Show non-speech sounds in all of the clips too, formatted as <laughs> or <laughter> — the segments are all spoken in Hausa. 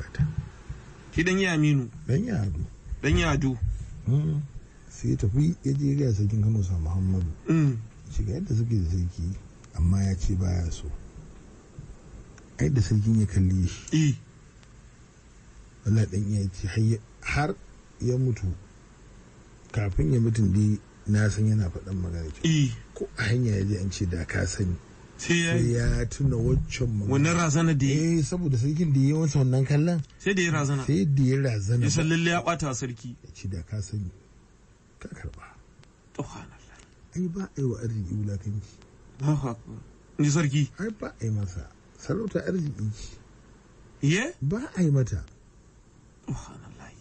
bukata shi dan ya aminu dan ya adu dan ya adu mm. sai tafi ya je ga sarkin kano sa muhammadu mm. shiga yadda suke da sarki amma ya ce baya so yadda sarkin ya kalli shi wala eh. dan iya ce har ya mutu kafin ya mutum dai na san yana faɗan magana eh. ko a hanya ya je an ce da ka sani sai ya tuna waccan wannan razana da ya yi eh, saboda sarkin da ya yi wannan kallon sai da ya razana sai da ya razana ya san lalle ya bata sarki ya ci da ka sani ka karba subhanallah ai ba ai wa arziki wulakanci ba akbar ni sarki ai ba ai masa sarauta arziki ye ba ai mata subhanallah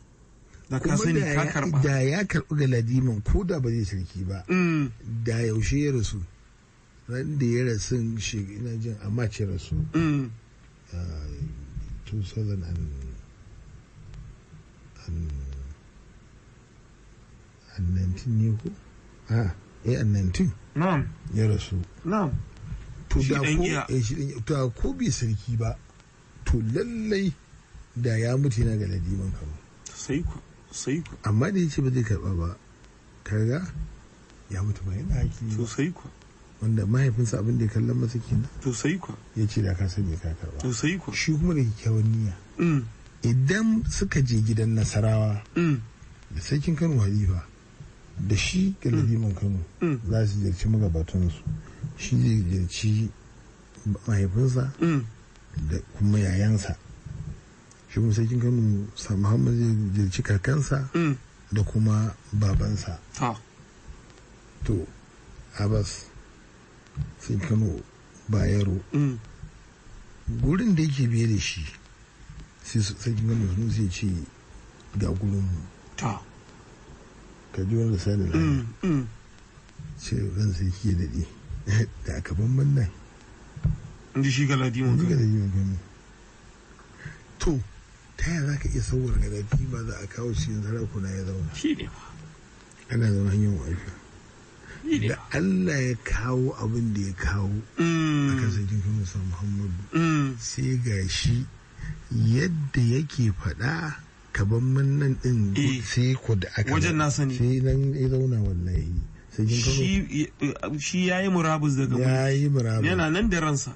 da ka sani ka karba da ya karbi galadiman ko da ba zai sarki ba mm. da yaushe ya rasu wanda ya rasu shi ina jin a mace rasu 2019 mm. ah, ne ko? a ah, eh 19 ya rasu eh, to da ko bai sarki ba to lallai da ya mutu yana galadi man kano sai ku sai ku amma da ya ce ba zai karba ba kaga ya mutu ba yana to sai ku wanda mahaifinsa abin da ya kallon masa kenan to sai ku ya ce da ka sani ka karba to sai ku shi kuma da kyakkyawan niyya mm. idan suka je gidan nasarawa mm. da sarkin kano halifa da shi da mm. kano za su jirci magabatansu shi zai jirci mahaifinsa da kuma yayansa shi kuma sarkin kano sa muhammad zai jirci kakansa da kuma babansa to abbas sai kano bayero mm. gurin da yake biye da shi sai su gano sun sai ce ga gurin mu ka ji wani sani na ce mm, mm. ran sai ke daɗe <laughs> da aka bamban nan inda shi galadima gani to ta yaya za ka iya sauwar galadima za a kawo cikin sarakuna ya zauna shi ne ana zama hanyar wafiya da Allah ya kawo abin da ya kawo mm. a kan sarkin kano muhammadu mm. sai ga shi yadda yake faɗa kaban nan ɗin eh. sai ku da aka wajen na sani sai nan ya zauna wallahi shi ya yi murabus daga mulki ya yi murabus yana nan da ransa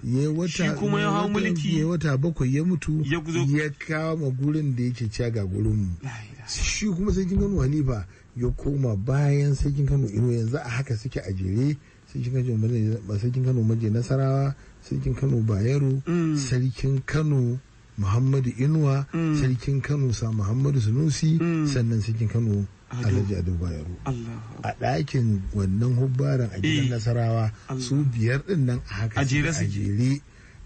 shi kuma ya hau mulki ya wata bakwai ya mutu ya kama gurin da yake caga gurin mu shi kuma sai kin wani ba. ya koma bayan sarkin kano ino yanzu a haka suke a jere sarkin kano maje nasarawa sarkin kano bayero mm. sarkin kano muhammadu inuwa mm. sarkin kano sa muhammadu sunusi mm. sannan sarkin kano alhaji adu bayero a ɗakin wannan hubbaran a gidan eh. nasarawa su biyar din nan a haka a jere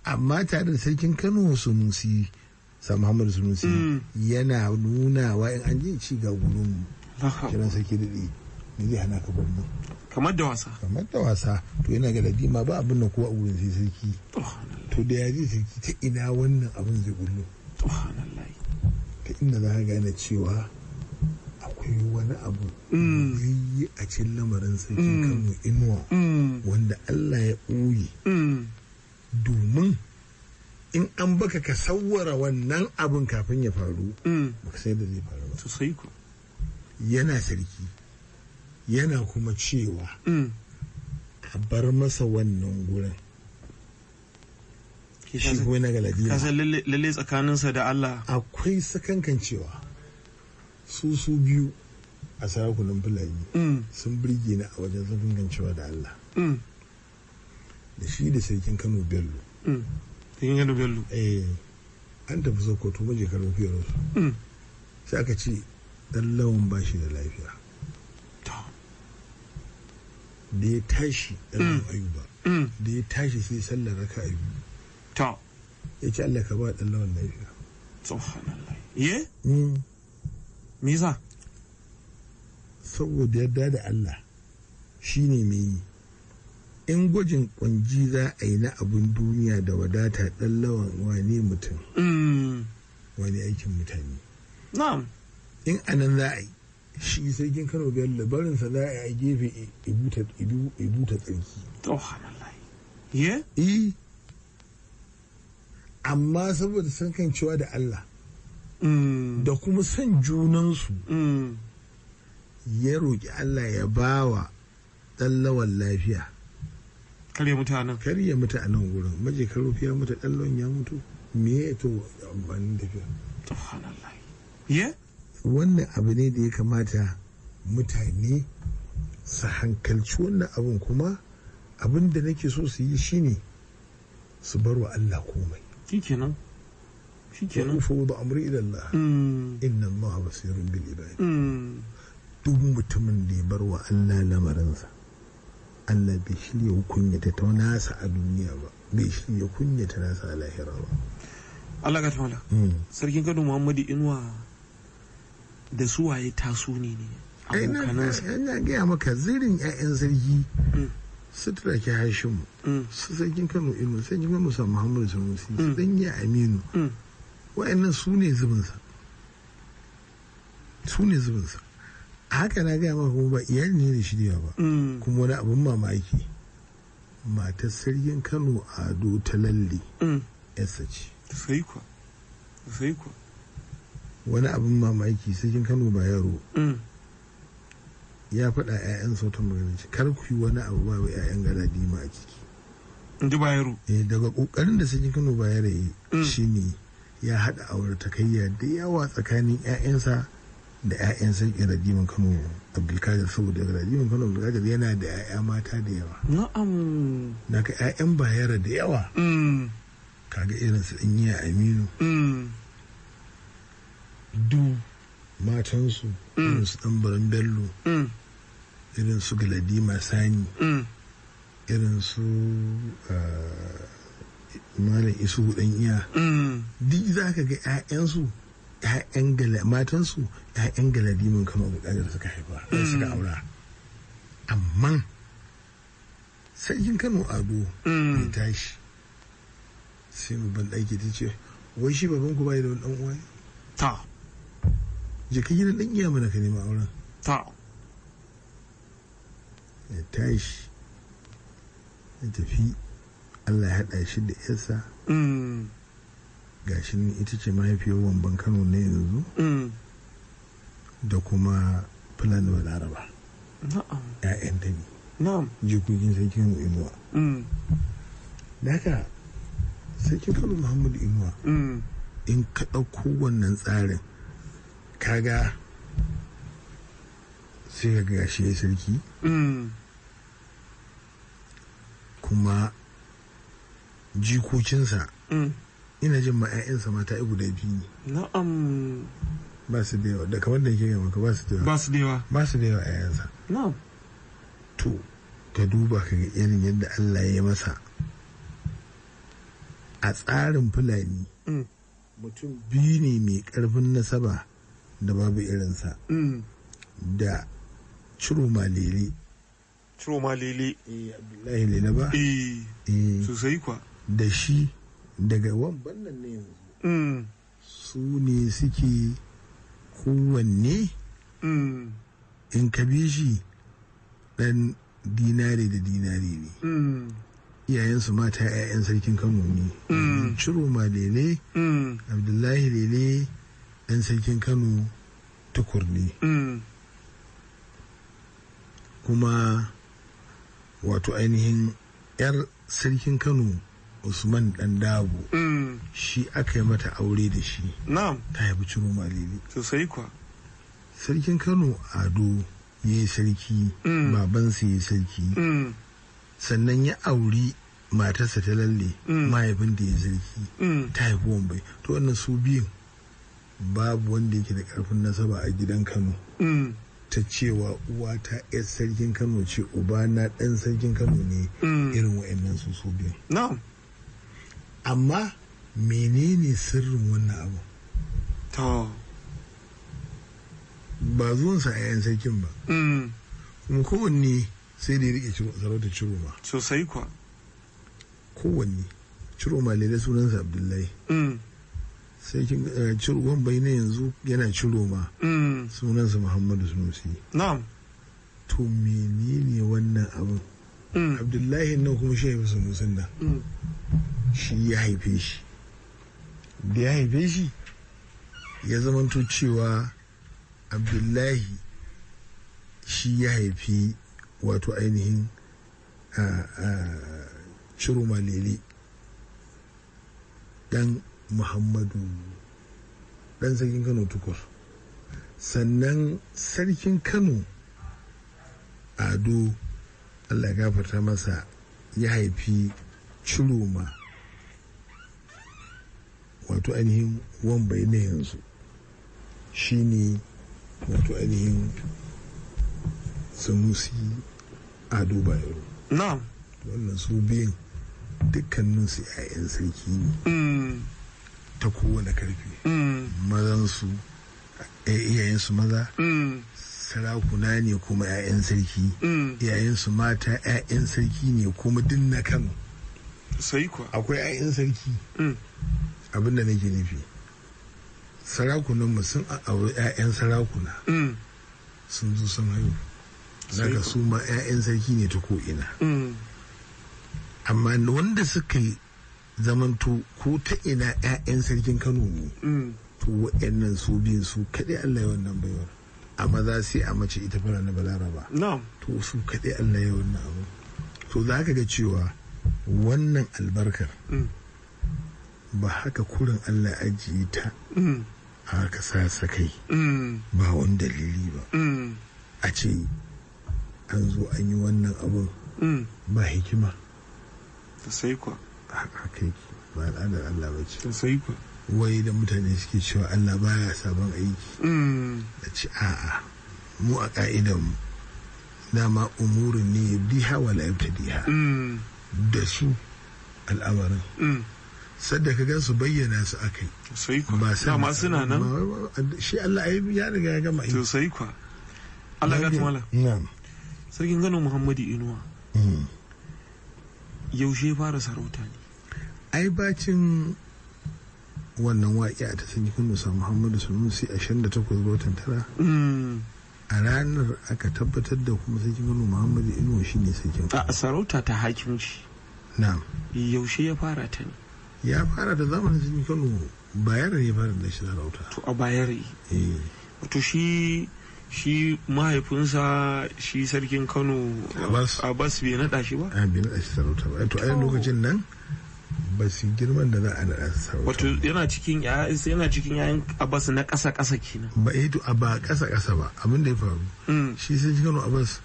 amma tare da sarkin kano sunusi sa muhammadu sunusi yana nunawa in an ji ci ga gurin kiran sarki daɗi ne zai hana ka borno kamar da wasa kamar da wasa to yana ga ladima ba abin nan kowa a wurin sai sarki to da ya sarki ta ina wannan abin zai gullo ta inda za ka gane cewa akwai wani abu mm. yi a cikin lamarin sarki mm. kanmu inuwa mm. wanda Allah ya ɓoye domin in an baka ka sawwara wannan abin kafin ya faru ba sai da zai faru ba yana sarki yana kuma cewa mm. a bar masa wannan gurin shi kuma na galadina kasan lalle tsakaninsa da Allah akwai sakankan cewa su su biyu a sarakunan fulani mm. sun birge ni a wajen sakankan cewa da Allah mm. da shi da sarkin Kano Bello sarkin Kano Bello eh an tafi Sokoto maje karo fiyar su sai aka ce dan lawan ba shi da lafiya da ya tashi ɗan mm. ayuba mm. da ya tashi sai sallar raka ayu ya ce Allah ka ba ɗallawan lawan lafiya ye mm. me yasa saboda yadda da Allah shi ne mai yi in gwajin kwanji za a yi na abin duniya da wadata ɗallawan lawan wane mutum wani aikin mutane na'am in anan za a yi shi sai gin kano bello barinsa za a yi gefe ibuta tsarki eh amma saboda san kan cewa da Allah mm. da kuma son junansu mm. ya roƙi Allah ya bawa ɗallawan lafiya karya mutanen karya mutanen wurin maje ka rufiya mutu ɗallon ya mutu me ya to amfanin tafiya subhanallah ye wannan abu ne da ya kamata mutane su hankalci wannan abin kuma abin da nake so su yi shine su bar wa Allah komai shikenan shikenan fa wudu amri ila Allah mm. inna Allah basirun bil ibad mm. duk mutumin da ya bar wa Allah lamarinsa Allah bai shirya kunyata ta nasa a duniya ba bai shirya kunyata nasa a lahira ba Allah ka tamala mm. sarkin gado Muhammadu Inuwa da suwaye taso ne ne eh, abokanansa ina gaya maka zirin 'ya'yan zargi mm. su turake hashin mu mm. su sarkin kano ilmu sarkin kano sa muhammadu sanusi su mm. dan yi aminu wa'annan su ne zubinsa su ne zubinsa haka na gaya maka kuma ba iyali ne da shirya ba kuma wani abin mamaki matar sarkin kano ado ta lalle yasa ce sai kwa sai kwa wani abin mamaki sarkin kano ba yaro mm. ya faɗa ƴaƴan sautan magana kar ku yi wani abu ba wa gada galadima a ciki inji ba yaro eh daga kokarin da sarkin kano ba yaro yi mm. shine ya haɗa takayya da yawa tsakanin 'ya'yansa da 'ya'yan sarki radimin kano abdulkadir saboda radimin kano abdulkadir yana da 'ya'ya mata da yawa na'am naka 'ya'yan bayara da yawa mm. kaga irin su ɗanyiya aminu du matansu mm. irin su ɗanbaran bello mm. irin su galadima sani mm. irin su ah, malam isu hudun iya duk za ka ga 'ya'yansu matansu 'ya'yan galadimin kama kajar suka haifa suka aura amma sarkin kano ado mai tashi sai mu ban ɗaki ta ce wai shi babanku ku da wani ɗan uwa ta je ka gidan ɗan iya mana ka nema auren ta ya tashi ya tafi allah ya haɗa shi da yarsa mm. gashi ne ita ce mahaifiyar wamban kano na yanzu mm. da kuma fulani laraba ya'yan da ne jikokin sarkin inuwa mm. da haka kano muhammadu inuwa in ka ɗauko wannan tsarin kaga sai ga gashi ya sarki mm. kuma jikokinsa mm. ina jin ma mata ai guda biyu ne na'am ba su da yawa da kamar da yake ga maka ba su da yawa ba su da yawa ba su da yawa 'ya'yansa na'am to ka duba ka ga irin yadda Allah ya masa a tsarin fulani mm. mutum biyu ne mai karfin nasaba da babu irinsa mm. da ciroma lele ciroma lele eh, abdullahi lele ba eh, eh. sosai kwa da shi daga wamban ne yanzu mm. su ne suke kowanne mm. in ka bi shi dan dinare da dinare ne iyayensu mata 'ya'yan sarkin kanmu ne ciroma lele abdullahi lele ɗan sarkin kano tukurni mm. kuma wato ainihin 'yar sarkin kano usman dan dabu mm. shi aka yi mata aure da shi ta haifi ciro malili sosai sarkin kano ado ya yi sarki mm. babansa ya yi sarki sannan ya auri matarsa ta lalle mahaifin da ya sarki ta haifi wambai to wannan su biyun babu wanda yake da karfin nasaba a gidan kano mm. ta cewa uwa ta yar sarkin kano ce uba na dan sarkin kano ne mm. irin wa'annan su su biyu amma menene sirrin wannan abu ba zuwan sa 'ya'yan sarkin ba mm. kuma kowanne sai da ya rike ciro ba. sosai kwa. kowanne ciro ma lele sunansa abdullahi sai kin eh, cirgon bai na yanzu yana ciro ma mm. sunansa muhammadu sunusi na'am to menene wannan abin mm. abdullahi nan kuma shi haifi sunusin nan mm. shi ya haife shi da ya haife shi ya zamanto cewa abdullahi shi ya haifi wato ainihin ah, ah, ciro lele dan muhammadu ɗan sarkin kano tukur sannan sarkin kano ado allah gafarta masa ya haifi ciroma wato ainihin wambai na yanzu shine wato ainihin sanusi ado bayero wannan su biyun dukkaninsu 'ya'yan sarki ne mm. ta kowane karfi mm. mazansu eh, su maza mm. sarakuna ne kuma 'ya'yan sarki mm. su mata 'ya'yan sarki ne kuma din na kano akwai 'ya'yan sarki abinda nake nufi sarakunanmu sun auri 'ya'yan sarakuna sun zo sun haihu zaka su ma 'ya'yan sarki ne ta ko'ina amma wanda suka yi zamanto ko ta ina 'ya'yan sarkin kano ne mm. to wa'annan su biyun su kaɗai allah ya wannan baiwar a maza sai a mace ita fara na balaraba to su kaɗai allah ya wannan abu to za ka ga cewa wannan albarkar mm. ba haka kurin allah ajiye ta mm. haka sa kai, ba wani dalili ba a ce an zo an yi wannan abun. ba hikima sai kuwa haka yake ba al'adar Allah ba ce wai da mutane suke cewa Allah baya sabon aiki da mm. ci a'a mu a ka'idan mu dama umurin ne diha wa la diha. Mm. da su al'amarin mm. sadda ka gan su bayyana su a kai. ku ba sai ma suna nan shi Allah ya riga ya gama to sai ku Allah ga tumala na'am sarkin gano Muhammadu Inuwa yaushe fara sarauta ne ai bacin wannan waƙi a ta jikin musa muhammadu sanusi 28 ga watan tara mm. a ranar aka tabbatar da kuma sai kano muhammadu inuwa shi ne sarkin a sarauta ta shi na yaushe ya fara ta ne ya fara da zamanin sarki kano bayar ya fara da shi sarauta to a bayar eh to shi shi mahaifinsa shi sarkin kano abbas bai naɗa shi ba a bai naɗa shi sarauta ba to a lokacin nan abbasi girman da za a naɗa su sarauta. Wato yana cikin yana cikin yayin Abbas na ƙasa ƙasa kenan. Ba Eto eh to ba ƙasa ƙasa ba abin da ya faru. Mm. Shi sai Kano Abbas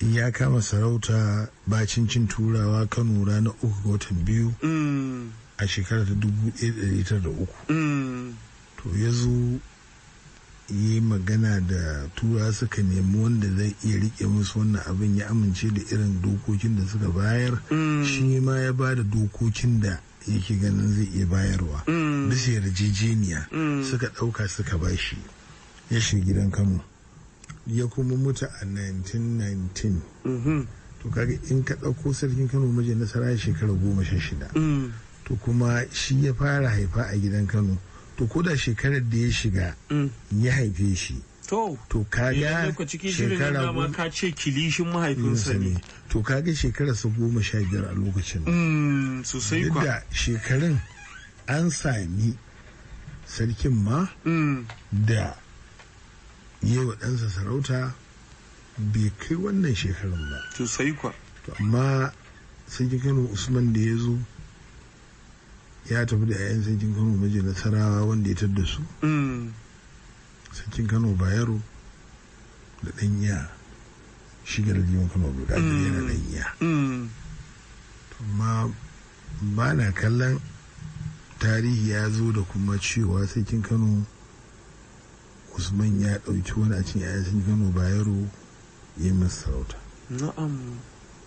ya kama sarauta bacin cin turawa Kano rana uku ga watan biyu. Mm. A shekarar ta dubu ɗaya da uku. Mm. To ya zo yi magana da tura suka nemi wanda zai iya rike musu wannan abin ya amince da irin dokokin da suka bayar mm. shi ma ya ba da dokokin da yake ganin zai iya bayarwa mm. bisa yarjejeniya mm. suka ɗauka suka ba shi ya shiga gidan kano ya kuma mutu a 1919 mm-hmm. to kaga in ka ɗauko sarkin kano maje nasara shekara goma sha shida to kuma shi ya fara haifa a gidan kano to ko da shekarar da ya shiga mm. ya haife shi to to kaga shekara goma ka ce kilishin mahaifinsa ne to kaga shekara su goma sha biyar a lokacin mm, sosai kwa da shekarun an sami sarkin ma mm. da wa ɗansa sarauta bai kai wannan shekarun ba sosai kwa amma sarkin kano usman da ya zo ya tafi da 'ya'yan sarkin kano miji nasarawa wanda ya tadda su mm. sarkin kano bayero da ɗanya shigar jiwon kano guda yana danya mm. mm. amma ba na kallon tarihi ya zo da kuma cewa sarkin kano usman ya ɗauki wani a cin 'ya'yan sarkin kano bayero ya yi masa sarauta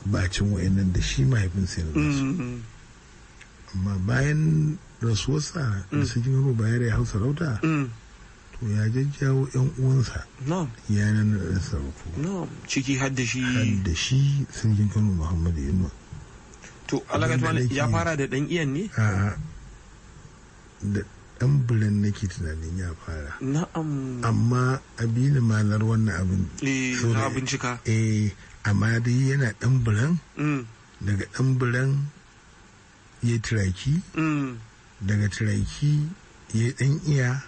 bacin wa'annan da shi mahaifinsa su. amma bayan rasuwarsa da mm. sarkin kano bayar ya hau sarauta mm. to ya jajjawo yan uwansa ya nan da sarauta ciki haddashi. Haddashi sun sarkin kano muhammadu yunwa to alagatuwa ya fara da dan iyan ne da dan bulan nake tunanin ya fara na'am amma abin malar wannan abin eh, na bincika eh amma dai yana dan bulan mm. daga dan bulan ya turaki mm. daga turaki ya yi dan iya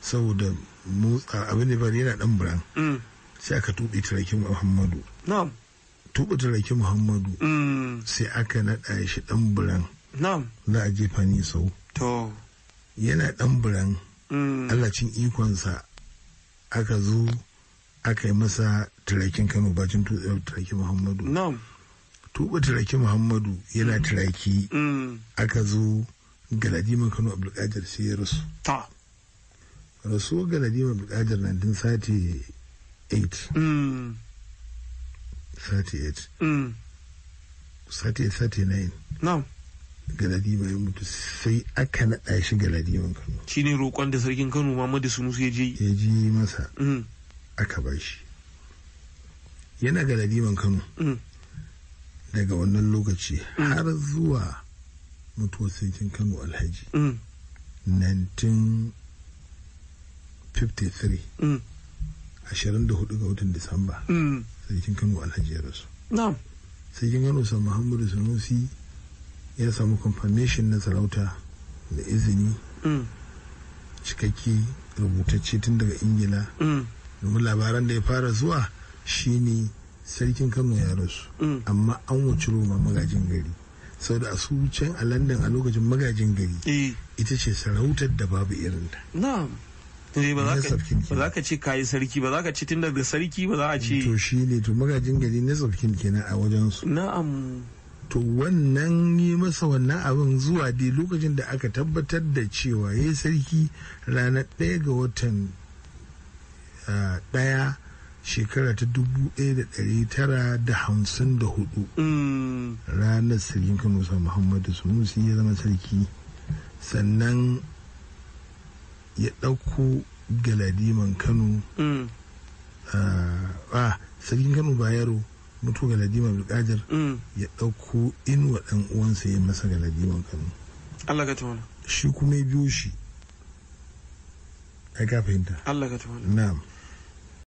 saboda motsa abin da bari yana dan buran mm. sai aka tuɓe turaki muhammadu tuɓe turaki muhammadu mm. sai aka naɗa shi dan buran za a jefa ni sau yana dan buran Allah cin ikonsa aka zo aka yi masa turakin kano bacin eh, turaki muhammadu tuba turaki muhammadu yana mm. turaki mm. aka zo galadima kano abdulkadir sai ya rasu rasuwar galadima abdulkadir sati 8 sati 39 galadima ya mutu sai aka naɗa shi man kano shi ne roƙon da sarkin kano Muhammadu sunu su je ya ji masa mm. aka ba shi yana man kano daga wannan lokaci har zuwa mutuwar sarkin kano alhaji 1953 mm. 24 mm. ga watan disamba mm. sarkin kano alhaji ya rasu sarkin kano sa muhammadu sanusi ya samu confirmation na sarauta da izini cikakke rubutacce tun daga ingila domin labaran da ya fara zuwa shine sarkin kano ya rasu mm. amma an wuce roma magajin gari sau da su can a london a lokacin magajin gari eh. ita ce sarautar da babu irinta ne eh, ba za ka ce kayi sarki ba za ka ce tun daga sarki ba za a ce to shi ne to magajin gari na tsafkin kenan a wajen su na'am to wannan yi masa wannan abin zuwa dai lokacin da aka tabbatar da cewa ya sarki ranar ɗaya ga watan ah, ɗaya shekara ta 1954 mm. ranar sarkin kano sa muhammadu sunusi ya zama sarki sannan ya ɗauko galadiman kano mm. a ah, ah, sarkin kano bayaro mutu galadiman bukajar mm. ya ɗauko inuwa ɗan uwansa ya masa galadiman kano Allah ka shi kuma ya biyo shi ai ka fahimta Allah ka na'am